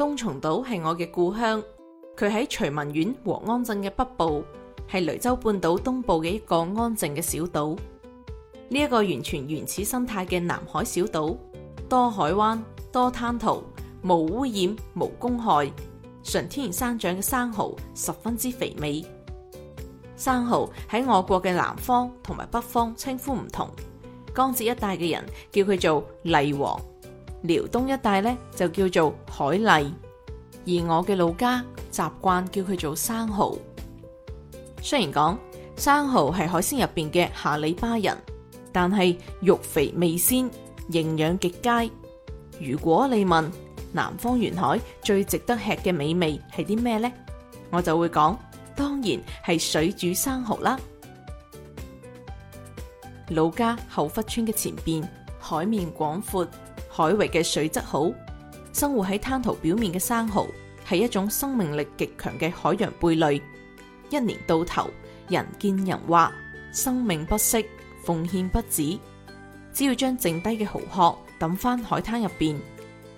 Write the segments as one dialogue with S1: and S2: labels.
S1: 冬松島係我嘅故鄉，佢喺徐聞縣和安鎮嘅北部，係雷州半島東部嘅一個安靜嘅小島。呢、這、一個完全原始生態嘅南海小島，多海灣、多灘塗，無污染、無公害，純天然長生長嘅生蠔十分之肥美。生蠔喺我國嘅南方同埋北方稱呼唔同，江浙一帶嘅人叫佢做蠣黃。遼東一帶咧就叫做海蠣，而我嘅老家習慣叫佢做生蠔。雖然講生蠔係海鮮入邊嘅下里巴人，但係肉肥味鮮，營養極佳。如果你問南方沿海最值得吃嘅美味係啲咩呢？我就會講，當然係水煮生蠔啦。老家後堀村嘅前邊，海面廣闊。海域嘅水質好，生活喺灘塗表面嘅生蠔係一種生命力極強嘅海洋貝類。一年到頭，人見人挖，生命不息，奉獻不止。只要將剩低嘅蠔殼抌返海灘入邊，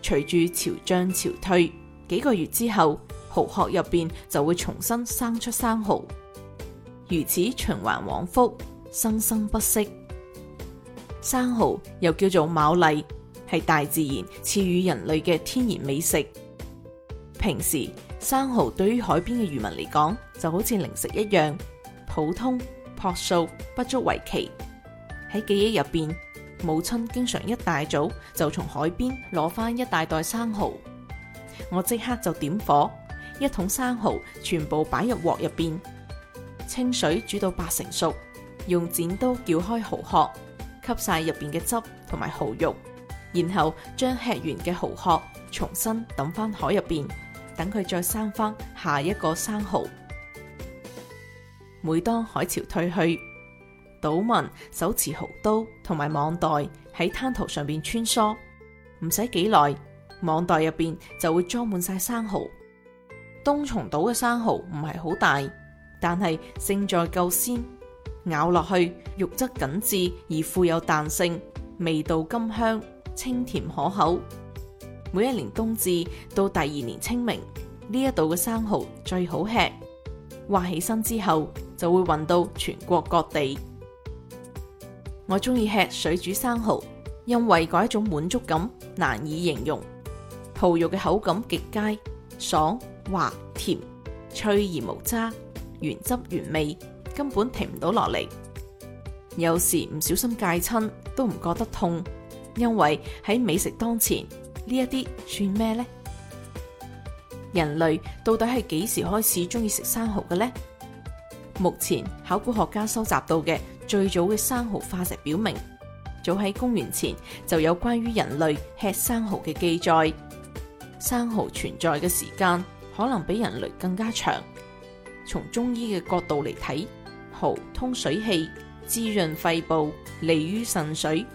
S1: 隨住潮漲潮退，幾個月之後，蠔殼入邊就會重新生出生蠔，如此循環往復，生生不息。生蠔又叫做牡蠣。係大自然賜予人類嘅天然美食。平時生蚝對於海邊嘅漁民嚟講，就好似零食一樣普通樸素，不足為奇。喺記憶入邊，母親經常一大早就從海邊攞翻，一大袋生蚝，我即刻就點火，一桶生蚝，全部擺入鑊入邊，清水煮到八成熟，用剪刀撬開蚝殼，吸晒入邊嘅汁同埋蚝肉。然後將吃完嘅蚝殼重新抌返海入邊，等佢再生返下一個生蚝。每當海潮退去，島民手持蚝刀同埋網袋喺灘塗上邊穿梭，唔使幾耐，網袋入邊就會裝滿晒生蚝。冬松島嘅生蚝唔係好大，但係勝在夠鮮，咬落去肉質緊致而富有彈性，味道甘香。清甜可口，每一年冬至到第二年清明，呢一度嘅生蠔最好吃，挖起身之後，就會運到全國各地。我中意吃水煮生蠔，因為嗰一種滿足感難以形容。蠔肉嘅口感極佳，爽、滑、甜，脆而無渣，原汁原味，根本停唔到落嚟。有時唔小心戒親，都唔覺得痛。因為喺美食當前，呢一啲算咩呢？人類到底係幾時開始中意食生蚝嘅呢？目前考古學家收集到嘅最早嘅生蚝化石，表明早喺公元前就有關於人類吃生蚝嘅記載。生蚝存在嘅時間可能比人類更加長。從中醫嘅角度嚟睇，蚝通水氣，滋潤肺部，利於腎水。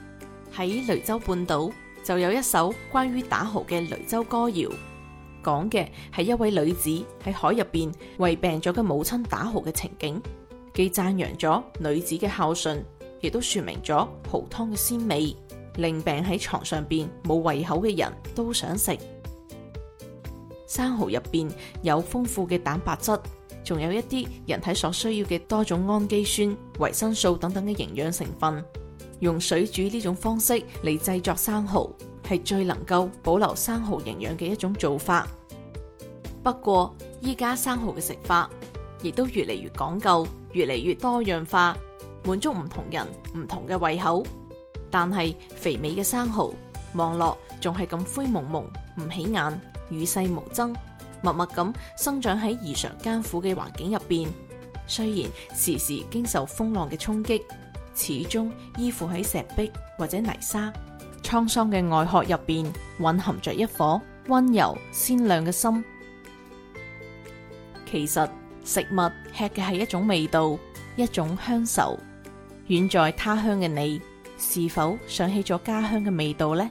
S1: 喺雷州半島就有一首關於打蚝嘅雷州歌謠，講嘅係一位女子喺海入邊為病咗嘅母親打蚝嘅情景，既讚揚咗女子嘅孝順，亦都說明咗蚝湯嘅鮮味，令病喺床上邊冇胃口嘅人都想食。生蚝入邊有豐富嘅蛋白質，仲有一啲人體所需要嘅多種氨基酸、維生素等等嘅營養成分。用水煮呢種方式嚟製作生蠔，係最能夠保留生蠔營養嘅一種做法。不過，依家生蠔嘅食法亦都越嚟越講究，越嚟越多樣化，滿足唔同人唔同嘅胃口。但係肥美嘅生蠔，望落仲係咁灰蒙蒙，唔起眼，與世無爭，默默咁生長喺異常艱苦嘅環境入邊。雖然時時經受風浪嘅衝擊，始終依附喺石壁或者泥沙，滄桑嘅外殼入邊蘊含着一顆温柔鮮亮嘅心。其實食物吃嘅係一種味道，一種鄉愁。遠在他鄉嘅你，是否想起咗家鄉嘅味道呢？